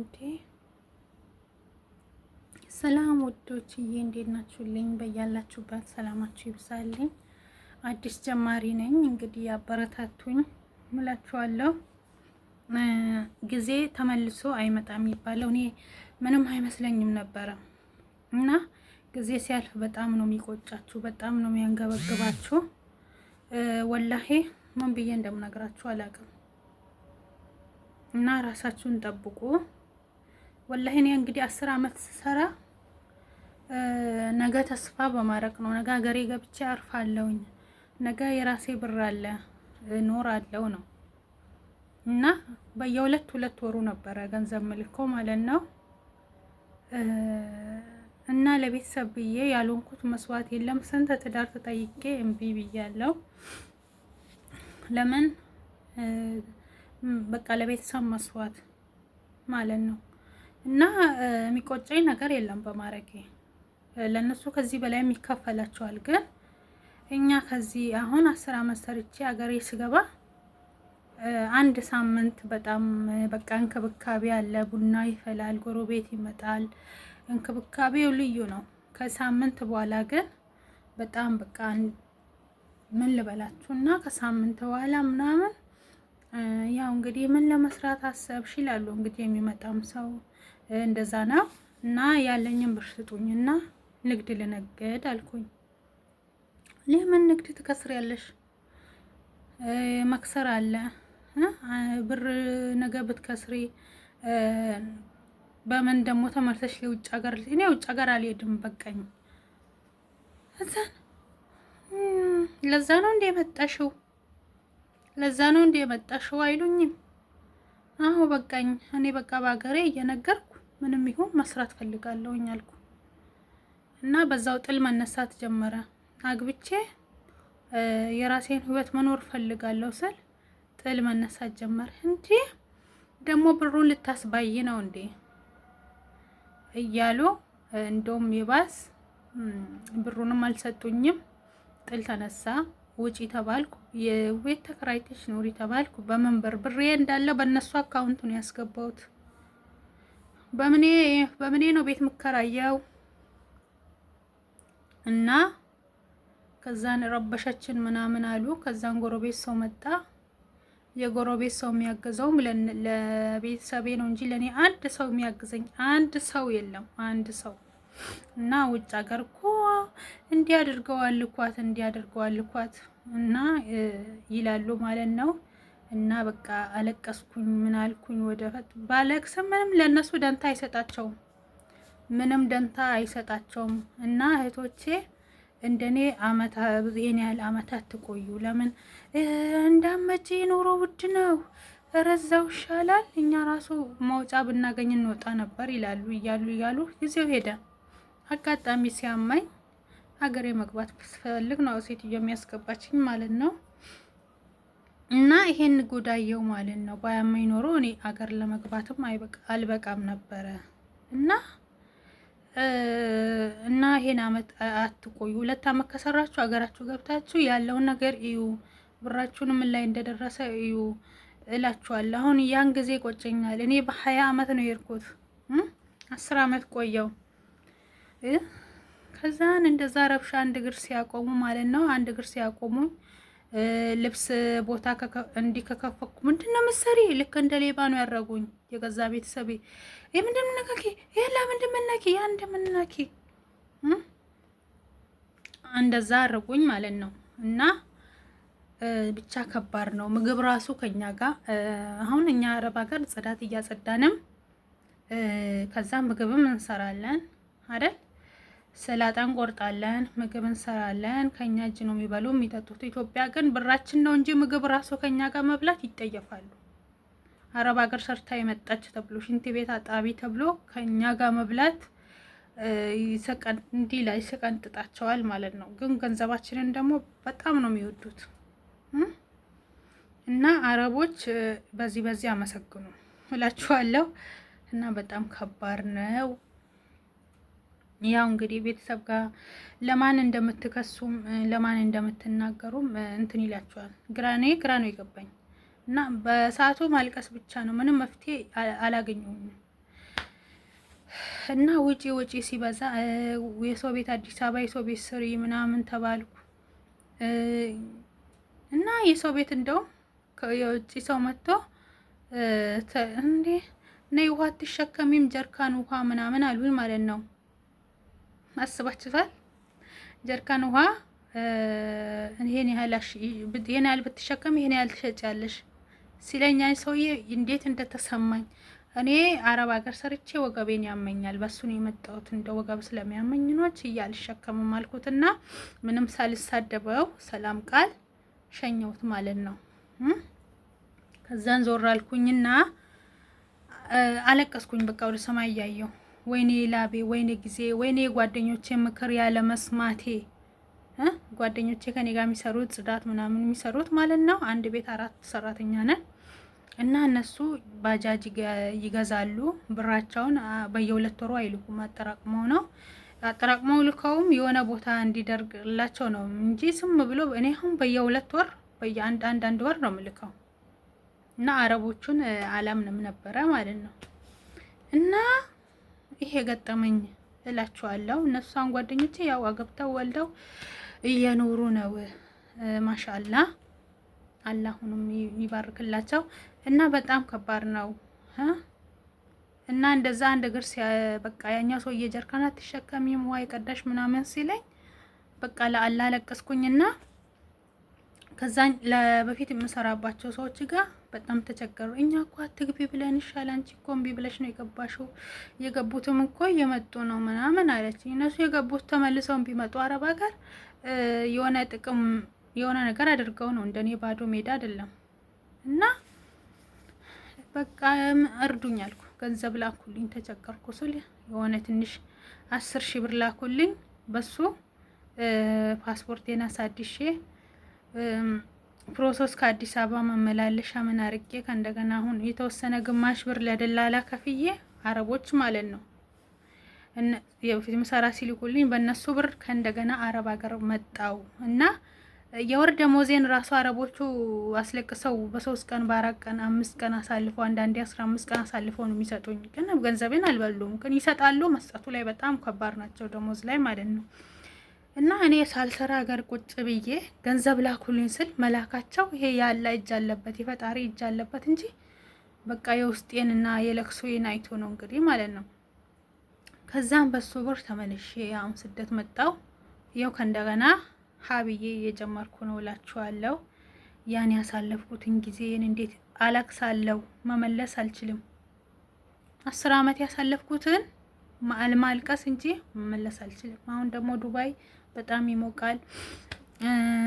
እንዴ ሰላም ወዶችዬ፣ እንዴት ናችሁልኝ? በያላችሁበት ሰላማችሁ ይብዛልኝ። አዲስ ጀማሪ ነኝ እንግዲህ ያበረታቱኝ ምላችኋለሁ። ጊዜ ተመልሶ አይመጣም የሚባለው እኔ ምንም አይመስለኝም ነበረ እና ጊዜ ሲያልፍ በጣም ነው የሚቆጫችሁ፣ በጣም ነው የሚያንገበግባችሁ። ወላሄ ምን ብዬ እንደምነግራችሁ አላውቅም እና ራሳችሁን ጠብቁ። ወላሂ እኔ እንግዲህ አስር አመት ስሰራ ነገ ተስፋ በማድረግ ነው። ነገ ሀገሬ ገብቼ አርፋለሁኝ፣ ነገ የራሴ ብር አለ እኖራለሁ ነው እና በየሁለት ሁለት ወሩ ነበረ ገንዘብ ምልከው ማለት ነው። እና ለቤተሰብ ብዬ ያልሆንኩት መስዋዕት የለም። ስንት ትዳር ተጠይቄ እምቢ ብያለሁ። ለምን በቃ ለቤተሰብ መስዋዕት ማለት ነው። እና የሚቆጨኝ ነገር የለም በማድረጌ ለእነሱ ከዚህ በላይ የሚከፈላቸዋል። ግን እኛ ከዚህ አሁን አስር አመት ሰርቼ ሀገሬ ስገባ አንድ ሳምንት በጣም በቃ እንክብካቤ አለ። ቡና ይፈላል፣ ጎረቤት ይመጣል። እንክብካቤው ልዩ ነው። ከሳምንት በኋላ ግን በጣም በቃ ምን ልበላችሁ እና ከሳምንት በኋላ ምናምን ያው እንግዲህ ምን ለመስራት አሰብሽ ይላሉ እንግዲህ የሚመጣም ሰው እንደዛ ነው እና ያለኝን ብር እና ንግድ ልነግድ አልኩኝ። ለምን ንግድ ትከስሪያለሽ? መክሰር አለ ብር ነገ ብትከስሪ በምን ደግሞ ተመልሰሽ የውጭ ሀገር እኔ ውጭ ሀገር አልሄድም በቃኝ። እዛን ለዛ ነው እንደ የመጣሽው ለዛ ነው እንደ የመጣሽው አይሉኝም። አሁ በቃኝ። እኔ በቃ በሀገሬ እየነገርኩ ምንም ይሁን መስራት ፈልጋለሁኝ አልኩ እና በዛው ጥል መነሳት ጀመረ። አግብቼ የራሴን ህይወት መኖር ፈልጋለሁ ስል ጥል መነሳት ጀመረ። እንጂ ደግሞ ብሩን ልታስባይ ነው እንዴ እያሉ እንደውም የባስ ብሩንም አልሰጡኝም። ጥል ተነሳ። ውጪ ተባልኩ። የቤት ተከራይተሽ ኑሪ ተባልኩ። በመንበር ብሬ እንዳለ በእነሱ አካውንቱን ያስገባሁት በምኔ በምኔ ነው ቤት የምከራየው እና ከዛን ረበሸችን ምናምን አሉ። ከዛን ጎረቤት ሰው መጣ። የጎረቤት ሰው የሚያግዘውም ለቤተሰቤ ነው እንጂ ለእኔ አንድ ሰው የሚያግዘኝ አንድ ሰው የለም። አንድ ሰው እና ውጭ ሀገር እኮ እንዲያደርገዋል ኳት እንዲያደርገዋል ኳት እና ይላሉ ማለት ነው። እና በቃ አለቀስኩኝ ምን አልኩኝ። ወደፈት ባለቅስ ምንም ለእነሱ ደንታ አይሰጣቸውም፣ ምንም ደንታ አይሰጣቸውም። እና እህቶቼ እንደኔ አመት ይሄን ያህል አመታት ትቆዩ። ለምን እንዳመጪ ኑሮ ውድ ነው ረዛው ይሻላል፣ እኛ ራሱ መውጫ ብናገኝ እንወጣ ነበር ይላሉ። እያሉ እያሉ ጊዜው ሄደ። አጋጣሚ ሲያማኝ ሀገሬ መግባት ስፈልግ ነው ሴትዮ የሚያስገባችኝ ማለት ነው። እና ይሄን ጉዳየው ማለት ነው። ባያመኝ ኖሮ እኔ አገር ለመግባትም አልበቃም ነበረ እና እና ይሄን አመት አትቆዩ። ሁለት አመት ከሰራችሁ አገራችሁ ገብታችሁ ያለውን ነገር እዩ፣ ብራችሁን ምን ላይ እንደደረሰ እዩ እላችኋለሁ። አሁን ያን ጊዜ ቆጨኛል እኔ በሀያ አመት ነው የሄድኩት፣ አስር አመት ቆየው። ከዛን እንደዛ ረብሻ አንድ እግር ሲያቆሙ ማለት ነው አንድ እግር ሲያቆሙኝ ልብስ ቦታ እንዲከከፈኩ ከከፈኩ ምንድን ነው መሰሪ ልክ እንደ ሌባ ነው ያደረጉኝ። የገዛ ቤተሰብ ይህ ምንድምነካኪ ይህ ለምንድምናኪ ያ እንደምናኪ እንደዛ አድርጉኝ ማለት ነው። እና ብቻ ከባድ ነው። ምግብ ራሱ ከኛ ጋር አሁን እኛ አረብ ሀገር ጽዳት እያጸዳንም ከዛ ምግብም እንሰራለን አይደል ሰላጣን ቆርጣለን፣ ምግብ እንሰራለን። ከኛ እጅ ነው የሚበሉ የሚጠጡት። ኢትዮጵያ ግን ብራችን ነው እንጂ ምግብ ራሱ ከኛ ጋር መብላት ይጠየፋሉ። አረብ ሀገር ሰርታ የመጣች ተብሎ ሽንት ቤት አጣቢ ተብሎ ከኛ ጋር መብላት እንዲህ ላይ ይሰቀንጥጣቸዋል ማለት ነው። ግን ገንዘባችንን ደግሞ በጣም ነው የሚወዱት እና አረቦች በዚህ በዚህ አመሰግኑ እላችኋለሁ። እና በጣም ከባድ ነው። ያው እንግዲህ ቤተሰብ ጋር ለማን እንደምትከሱም ለማን እንደምትናገሩም እንትን ይላችኋል። ግራኔ ግራ ነው የገባኝ እና በሰዓቱ ማልቀስ ብቻ ነው፣ ምንም መፍትሄ አላገኘሁም። እና ውጪ ውጪ ሲበዛ የሰው ቤት አዲስ አበባ የሰው ቤት ስሪ ምናምን ተባልኩ እና የሰው ቤት እንደውም የውጭ ሰው መጥቶ እንዴ ነይ ውሃ አትሸከሚም ጀርካን ውሃ ምናምን አሉኝ ማለት ነው። አስባችኋል? ጀርካን ውሃ ይሄን ያህል ይሄን ያህል ብትሸከም ይሄን ያህል ትሸጫለሽ ሲለኛ ሰውዬ እንዴት እንደተሰማኝ እኔ አረብ ሀገር ሰርቼ ወገቤን ያመኛል። በሱ ነው የመጣሁት። እንደ ወገብ ስለሚያመኝ ኖች እያልሸከምም አልኩትና ምንም ሳልሳደበው ሰላም ቃል ሸኘሁት ማለት ነው። ከዛን ዞር አልኩኝና አለቀስኩኝ። በቃ ወደ ሰማይ እያየሁ ወይኔ ላቤ፣ ወይኔ ጊዜ፣ ወይኔ ጓደኞቼ ምክር ያለ መስማቴ ጓደኞቼ ከኔ ጋር የሚሰሩት ጽዳት ምናምን የሚሰሩት ማለት ነው። አንድ ቤት አራት ሰራተኛ ነን እና እነሱ ባጃጅ ይገዛሉ። ብራቸውን በየሁለት ወሩ አይልኩም፣ አጠራቅመው ነው አጠራቅመው ልከውም የሆነ ቦታ እንዲደርግላቸው ነው እንጂ ስም ብሎ እኔ አሁን በየሁለት ወር በየአንድ አንድ አንድ ወር ነው ምልከው እና አረቦቹን አላምንም ነበረ ማለት ነው እና ይሄ ገጠመኝ እላችኋለሁ። እነሷን ጓደኞቼ ያው አገብተው ወልደው እየኖሩ ነው። ማሻላ አላሁንም ይባርክላቸው እና በጣም ከባድ ነው እና እንደዛ አንድ እግር በቃ ያኛው ሰው እየጀርካና አትሸከሚም ውሃ ቀዳሽ ምናምን ሲለኝ በቃ ለአላ ለቀስኩኝና ከዛ ለበፊት የምሰራባቸው ሰዎች ጋር በጣም ተቸገሩ። እኛ እኮ አትግቢ ብለን ይሻል፣ አንቺ እኮ እምቢ ብለሽ ነው የገባሽው፣ የገቡትም እኮ እየመጡ ነው ምናምን አለች። እነሱ የገቡት ተመልሰው ቢመጡ አረብ ሀገር የሆነ ጥቅም የሆነ ነገር አድርገው ነው እንደኔ ባዶ ሜዳ አይደለም። እና በቃ እርዱኝ አልኩ፣ ገንዘብ ላኩልኝ፣ ተቸገርኩ ስል የሆነ ትንሽ አስር ሺህ ብር ላኩልኝ፣ በሱ ፓስፖርቴን አሳድሼ ፕሮሰስ ከአዲስ አበባ መመላለሻ ምን አርጌ ከእንደገና አሁን የተወሰነ ግማሽ ብር ለደላላ ከፍዬ አረቦች ማለት ነው የፊት ምሰራ ሲልኩልኝ በእነሱ ብር ከእንደገና አረብ ሀገር መጣው እና የወር ደሞዜን ራሱ አረቦቹ አስለቅሰው በሶስት ቀን በአራት ቀን አምስት ቀን አሳልፈው አንዳንዴ አስራ አምስት ቀን አሳልፈው ነው የሚሰጡኝ። ግን ገንዘቤን አልበሉም። ግን ይሰጣሉ። መስጠቱ ላይ በጣም ከባድ ናቸው፣ ደሞዝ ላይ ማለት ነው። እና እኔ ሳልሰራ ሀገር ቁጭ ብዬ ገንዘብ ላኩልኝ ስል መላካቸው ይሄ ያለ እጅ አለበት የፈጣሪ እጅ አለበት እንጂ በቃ የውስጤን እና የለቅሶዬን አይቶ ነው እንግዲህ ማለት ነው። ከዛም በሱ ብር ተመልሼ አሁን ስደት መጣው። ይኸው ከእንደገና ሀብዬ እየጀመርኩ ነው እላችኋለሁ። ያን ያሳለፍኩትን ጊዜን እንዴት አለቅሳለሁ፣ መመለስ አልችልም። አስር አመት ያሳለፍኩትን ማልቀስ እንጂ መመለስ አልችልም። አሁን ደግሞ ዱባይ በጣም ይሞቃል።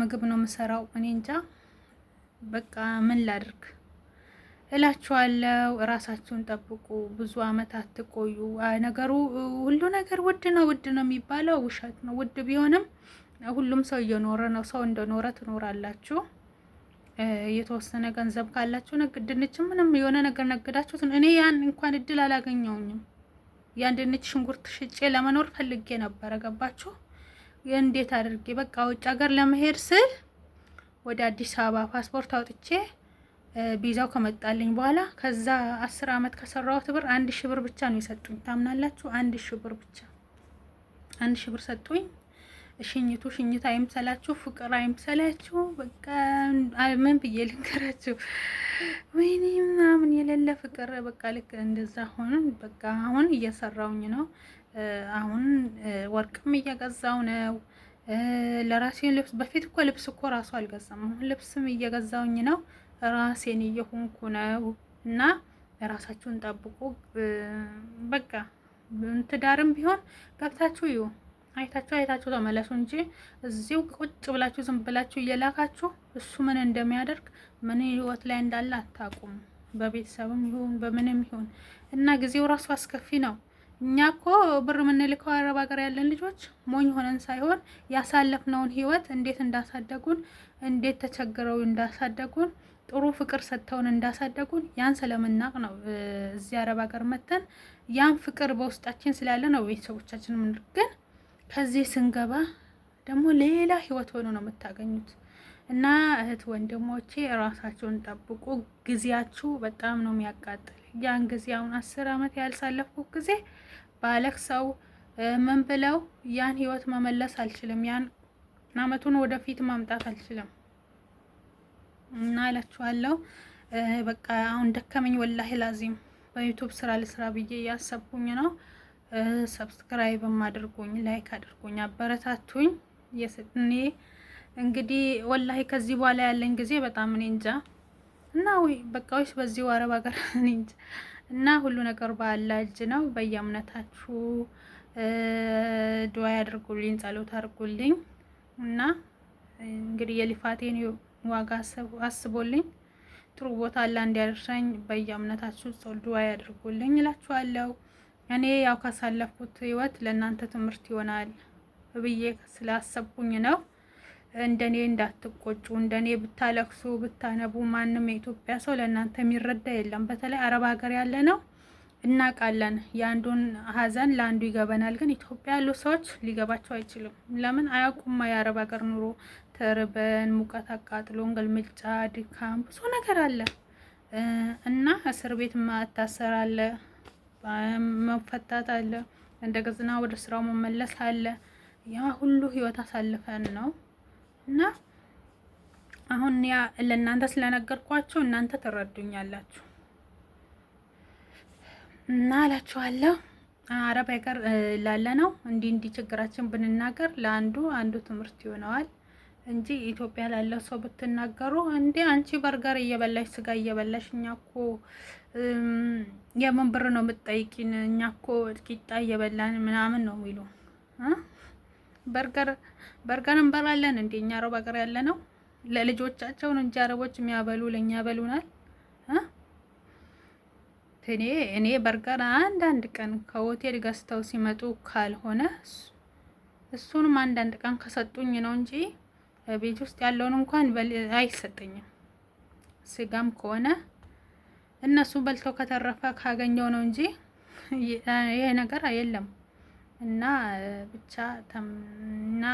ምግብ ነው የምሰራው። እኔ እንጃ በቃ ምን ላድርግ እላችኋለሁ። እራሳችሁን ጠብቁ። ብዙ አመት አትቆዩ። ነገሩ ሁሉ ነገር ውድ ነው ውድ ነው የሚባለው ውሸት ነው። ውድ ቢሆንም ሁሉም ሰው እየኖረ ነው። ሰው እንደኖረ ትኖራላችሁ። የተወሰነ ገንዘብ ካላችሁ ድንችም ምንም የሆነ ነገር ነግዳችሁት። እኔ ያን እንኳን እድል አላገኘውኝም። የአንድነት ሽንኩርት ሽጬ ለመኖር ፈልጌ ነበረ። ገባችሁ? እንዴት አድርጌ በቃ ውጭ ሀገር ለመሄድ ስል ወደ አዲስ አበባ ፓስፖርት አውጥቼ ቪዛው ከመጣልኝ በኋላ ከዛ አስር አመት ከሰራሁት ብር አንድ ሺህ ብር ብቻ ነው የሰጡኝ። ታምናላችሁ? አንድ ሺህ ብር ብቻ አንድ ብር ሰጡኝ። ሽኝቱ ሽኝት አይምሰላችሁ፣ ፍቅር አይምሰላችሁ። በቃ ምን ብዬ ልንገራችሁ? ወይኔ ምናምን የሌለ ፍቅር በቃ ልክ እንደዛ ሆን። በቃ አሁን እየሰራውኝ ነው። አሁን ወርቅም እየገዛው ነው ለራሴን ልብስ። በፊት እኮ ልብስ እኮ ራሱ አልገዛም። አሁን ልብስም እየገዛውኝ ነው። ራሴን እየሆንኩ ነው። እና ራሳችሁን ጠብቁ። በቃ ትዳርም ቢሆን ገብታችሁ ይሁን አይታችሁ አይታችሁ ተመለሱ እንጂ እዚው ቁጭ ብላችሁ ዝም ብላችሁ እየላካችሁ እሱ ምን እንደሚያደርግ ምን ህይወት ላይ እንዳለ አታውቁም። በቤተሰብም ይሁን በምንም ይሁን እና ጊዜው ራሱ አስከፊ ነው። እኛ እኮ ብር የምንልከው አረብ ሀገር ያለን ልጆች ሞኝ ሆነን ሳይሆን ያሳለፍነውን ህይወት እንዴት እንዳሳደጉን፣ እንዴት ተቸግረው እንዳሳደጉን፣ ጥሩ ፍቅር ሰጥተውን እንዳሳደጉን ያን ስለምናቅ ነው። እዚህ አረብ ሀገር መተን ያን ፍቅር በውስጣችን ስላለ ነው ቤተሰቦቻችን ግን ከዚህ ስንገባ ደግሞ ሌላ ህይወት ሆኖ ነው የምታገኙት። እና እህት ወንድሞቼ ራሳቸውን ጠብቁ። ጊዜያችሁ በጣም ነው የሚያቃጥል። ያን ጊዜ አሁን አስር አመት ያልሳለፍኩት ጊዜ ባለክ ሰው ምን ብለው ያን ህይወት መመለስ አልችልም። ያን አመቱን ወደፊት ማምጣት አልችልም እና እላችኋለሁ። በቃ አሁን ደከመኝ ወላሂ ላዚም በዩቱብ ስራ ልስራ ብዬ እያሰብኩኝ ነው። ሰብስክራይብም አድርጉኝ፣ ላይክ አድርጉኝ፣ አበረታቱኝ። እኔ እንግዲህ ወላሂ ከዚህ በኋላ ያለኝ ጊዜ በጣም እኔ እንጃ እና ወይ በቃ ወይስ በዚህ አረብ ሀገር እኔ እንጃ እና ሁሉ ነገር በአላህ እጅ ነው። በየእምነታችሁ ድዋይ ያድርጉልኝ፣ ጸሎት አድርጉልኝ እና እንግዲህ የሊፋቴን ዋጋ አስቦልኝ ጥሩ ቦታ አላህ እንዲያደርሰኝ በየእምነታችሁ ጸሎት ዱዓ ያድርጉልኝ እላችኋለሁ። እኔ ያው ካሳለፍኩት ህይወት ለእናንተ ትምህርት ይሆናል ብዬ ስላሰብኩኝ ነው። እንደኔ እንዳትቆጩ፣ እንደኔ ብታለቅሱ ብታነቡ ማንም የኢትዮጵያ ሰው ለእናንተ የሚረዳ የለም። በተለይ አረብ ሀገር ያለ ነው እናውቃለን። የአንዱን ሀዘን ለአንዱ ይገባናል፣ ግን ኢትዮጵያ ያሉ ሰዎች ሊገባቸው አይችልም። ለምን አያውቁማ? የአረብ ሀገር ኑሮ ተርበን፣ ሙቀት አቃጥሎ እንግልምጫ ድካም ብዙ ነገር አለ እና እስር ቤት ማታሰር አለ መፈታት አለ፣ እንደገና ወደ ስራው መመለስ አለ። ያ ሁሉ ህይወት አሳልፈን ነው እና አሁን ያ ለእናንተ ስለነገርኳችሁ እናንተ ትረዱኛላችሁ እና አላችኋለሁ። አረብ ሀገር ላለ ነው እንዲህ እንዲህ ችግራችን ብንናገር ለአንዱ አንዱ ትምህርት ይሆነዋል እንጂ ኢትዮጵያ ላለው ሰው ብትናገሩ እንዴ አንቺ በርገር እየበላሽ ስጋ እየበላሽ እኛ እኮ የምን ብር ነው የምትጠይቂን? እኛ እኮ ቂጣ እየበላን ምናምን ነው የሚሉ በርገር በርገር እንበላለን እንዴ? እኛ አረብ ሀገር ያለ ነው ለልጆቻቸውን እንጂ አረቦች የሚያበሉ ለእኛ ያበሉናል። እኔ እኔ በርገር አንዳንድ ቀን ከሆቴል ገዝተው ሲመጡ ካልሆነ እሱንም አንዳንድ ቀን ከሰጡኝ ነው እንጂ ቤት ውስጥ ያለውን እንኳን አይሰጠኝም። ስጋም ከሆነ እነሱ በልተው ከተረፈ ካገኘው ነው እንጂ ይሄ ነገር የለም። እና ብቻ እና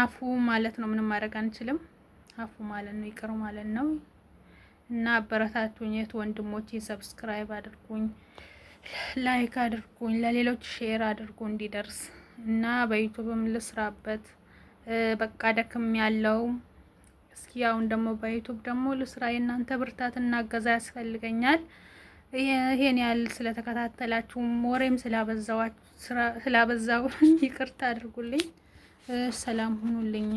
አፉ ማለት ነው። ምንም ማድረግ አንችልም። አፉ ማለት ነው ይቅሩ ማለት ነው። እና አበረታቱኝ የት ወንድሞቼ፣ ሰብስክራይብ አድርጉኝ፣ ላይክ አድርጉኝ፣ ለሌሎች ሼር አድርጉ እንዲደርስ እና በዩቱብም ልስራበት። በቃ ደክም ያለው እስኪ አሁን ደግሞ በዩቱብ ደግሞ ልስራ። የእናንተ ብርታትና እገዛ ያስፈልገኛል። ይሄን ያህል ስለተከታተላችሁ ወሬም ስላበዛው ይቅርታ አድርጉልኝ። ሰላም ሁኑልኝ።